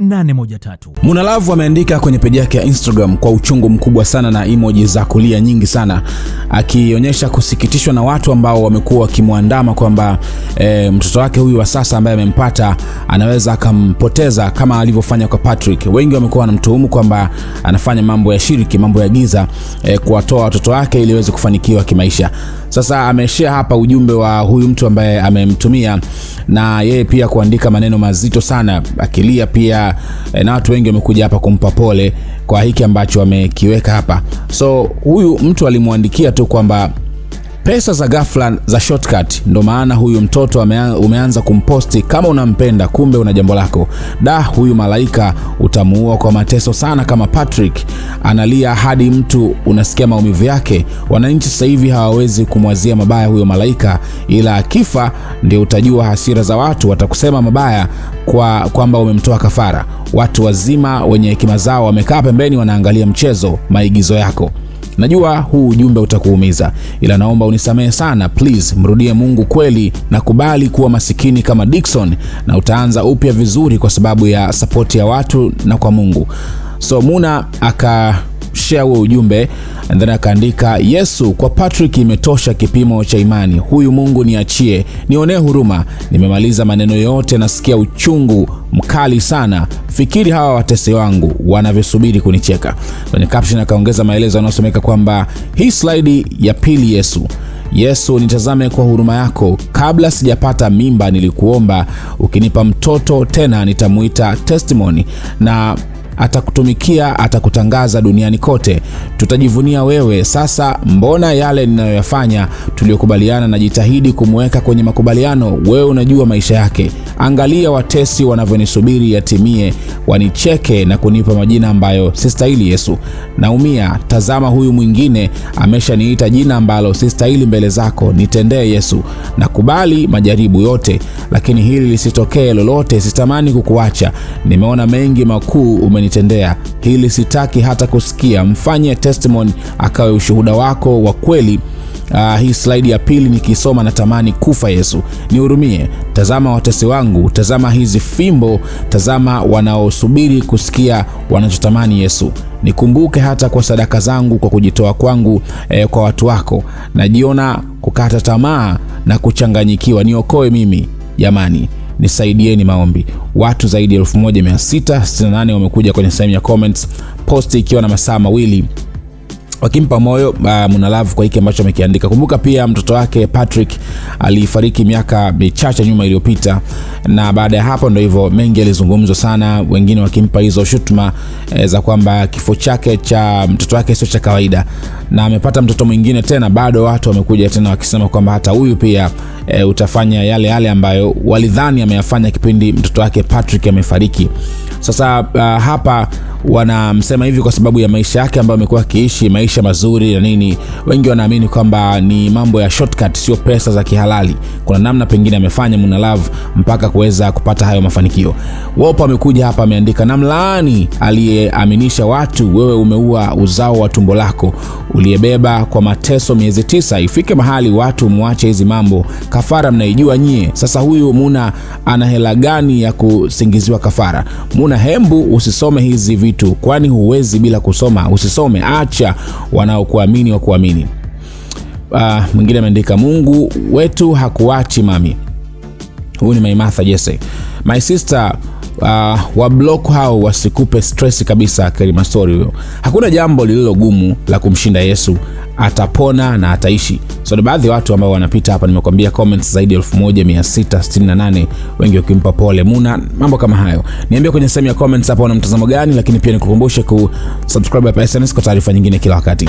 813. Munalavu ameandika kwenye peji yake ya Instagram kwa uchungu mkubwa sana na emoji za kulia nyingi sana, akionyesha kusikitishwa na watu ambao wamekuwa wakimwandama kwamba e, mtoto wake huyu wa sasa ambaye amempata anaweza akampoteza kama alivyofanya kwa Patrick. Wengi wamekuwa wanamtuhumu kwamba anafanya mambo ya shiriki, mambo ya giza e, kuwatoa watoto wake ili aweze kufanikiwa kimaisha. Sasa ameshea hapa ujumbe wa huyu mtu ambaye amemtumia na yeye pia kuandika maneno mazito sana, akilia pia e, na watu wengi wamekuja hapa kumpa pole kwa hiki ambacho amekiweka hapa. So huyu mtu alimwandikia tu kwamba pesa za ghafla za shortcut. Ndo maana huyu mtoto umeanza kumposti kama unampenda, kumbe una jambo lako. Da, huyu malaika utamuua kwa mateso sana. Kama Patrick analia hadi mtu unasikia maumivu yake. Wananchi sasa hivi hawawezi kumwazia mabaya huyo malaika, ila akifa ndio utajua hasira za watu, watakusema mabaya kwa kwamba umemtoa kafara. Watu wazima wenye hekima zao wamekaa pembeni, wanaangalia mchezo, maigizo yako. Najua huu ujumbe utakuumiza, ila naomba unisamehe sana please. Mrudie Mungu kweli na kubali kuwa masikini kama Dickson, na utaanza upya vizuri, kwa sababu ya sapoti ya watu na kwa Mungu. So Muna aka akashare huo ujumbe then akaandika, Yesu, kwa Patrick imetosha kipimo cha imani. Huyu Mungu niachie, nionee huruma. Nimemaliza maneno yote, nasikia uchungu mkali sana. Fikiri hawa watesi wangu wanavyosubiri kunicheka. Kwenye caption akaongeza maelezo yanayosomeka kwamba hii slaidi ya pili, Yesu Yesu, nitazame kwa huruma yako. Kabla sijapata mimba nilikuomba, ukinipa mtoto tena nitamuita testimony, na atakutumikia, atakutangaza duniani kote. Tutajivunia wewe. Sasa mbona yale ninayoyafanya tuliyokubaliana, najitahidi kumweka kwenye makubaliano. Wewe unajua maisha yake. Angalia watesi wanavyonisubiri yatimie, wanicheke na kunipa majina ambayo sistahili. Yesu, naumia. Tazama, huyu mwingine ameshaniita jina ambalo sistahili mbele zako. Nitendee Yesu. Nakubali majaribu yote, lakini hili lisitokee lolote. Sitamani kukuacha. Nimeona mengi makuu umeni mlilonitendea, hili sitaki hata kusikia, mfanye testimony akawe ushuhuda wako wa kweli. Uh, hii slaidi ya pili nikisoma natamani kufa. Yesu nihurumie, tazama watesi wangu, tazama hizi fimbo, tazama wanaosubiri kusikia wanachotamani. Yesu nikumbuke hata kwa sadaka zangu, kwa kujitoa kwangu eh, kwa watu wako. Najiona kukata tamaa na kuchanganyikiwa, niokoe mimi jamani nisaidieni maombi. Watu zaidi ya 1668 wamekuja kwenye sehemu ya comments, posti ikiwa na masaa mawili wakimpa moyo uh, ah, Mwanalavu kwa hiki ambacho amekiandika. Kumbuka pia mtoto wake Patrick alifariki miaka michache nyuma iliyopita, na baada ya hapo ndio hivyo, mengi yalizungumzwa sana, wengine wakimpa hizo shutuma e, za kwamba kifo chake cha mtoto wake sio cha kawaida, na amepata mtoto mwingine tena. Bado watu wamekuja tena wakisema kwamba hata huyu pia e, utafanya yale yale ambayo walidhani ameyafanya kipindi mtoto wake Patrick amefariki. Sasa uh, hapa wanamsema hivi kwa sababu ya maisha yake ambayo amekuwa akiishi maisha mazuri na nini. Wengi wanaamini kwamba ni mambo ya shortcut, sio pesa za kihalali. Kuna namna pengine amefanya Muna Love mpaka kuweza kupata hayo mafanikio. Wopo amekuja hapa ameandika, namlaani aliyeaminisha watu wewe umeua uzao wa tumbo lako uliyebeba kwa mateso miezi tisa. Ifike mahali watu mwache hizi mambo, kafara mnaijua nyie. Sasa huyu Muna ana hela gani ya kusingiziwa kafara? Muna hembu usisome hizi video vitu, kwani huwezi bila kusoma. Usisome, acha wanaokuamini kuamini. Uh, ah, mwingine ameandika Mungu wetu hakuachi mami. Huyu ni maimatha Jesse. My sister Uh, ah, wa block hao wasikupe stress kabisa. Kerima story huyo, hakuna jambo lililogumu la kumshinda Yesu atapona na ataishi. So ni baadhi ya watu ambao wanapita hapa, nimekwambia comments zaidi ya 1668 wengi wakimpa pole Muna, mambo kama hayo. niambia kwenye sehemu ya comments hapo una mtazamo gani, lakini pia nikukumbushe kusubscribe hapa SnS kwa taarifa nyingine kila wakati.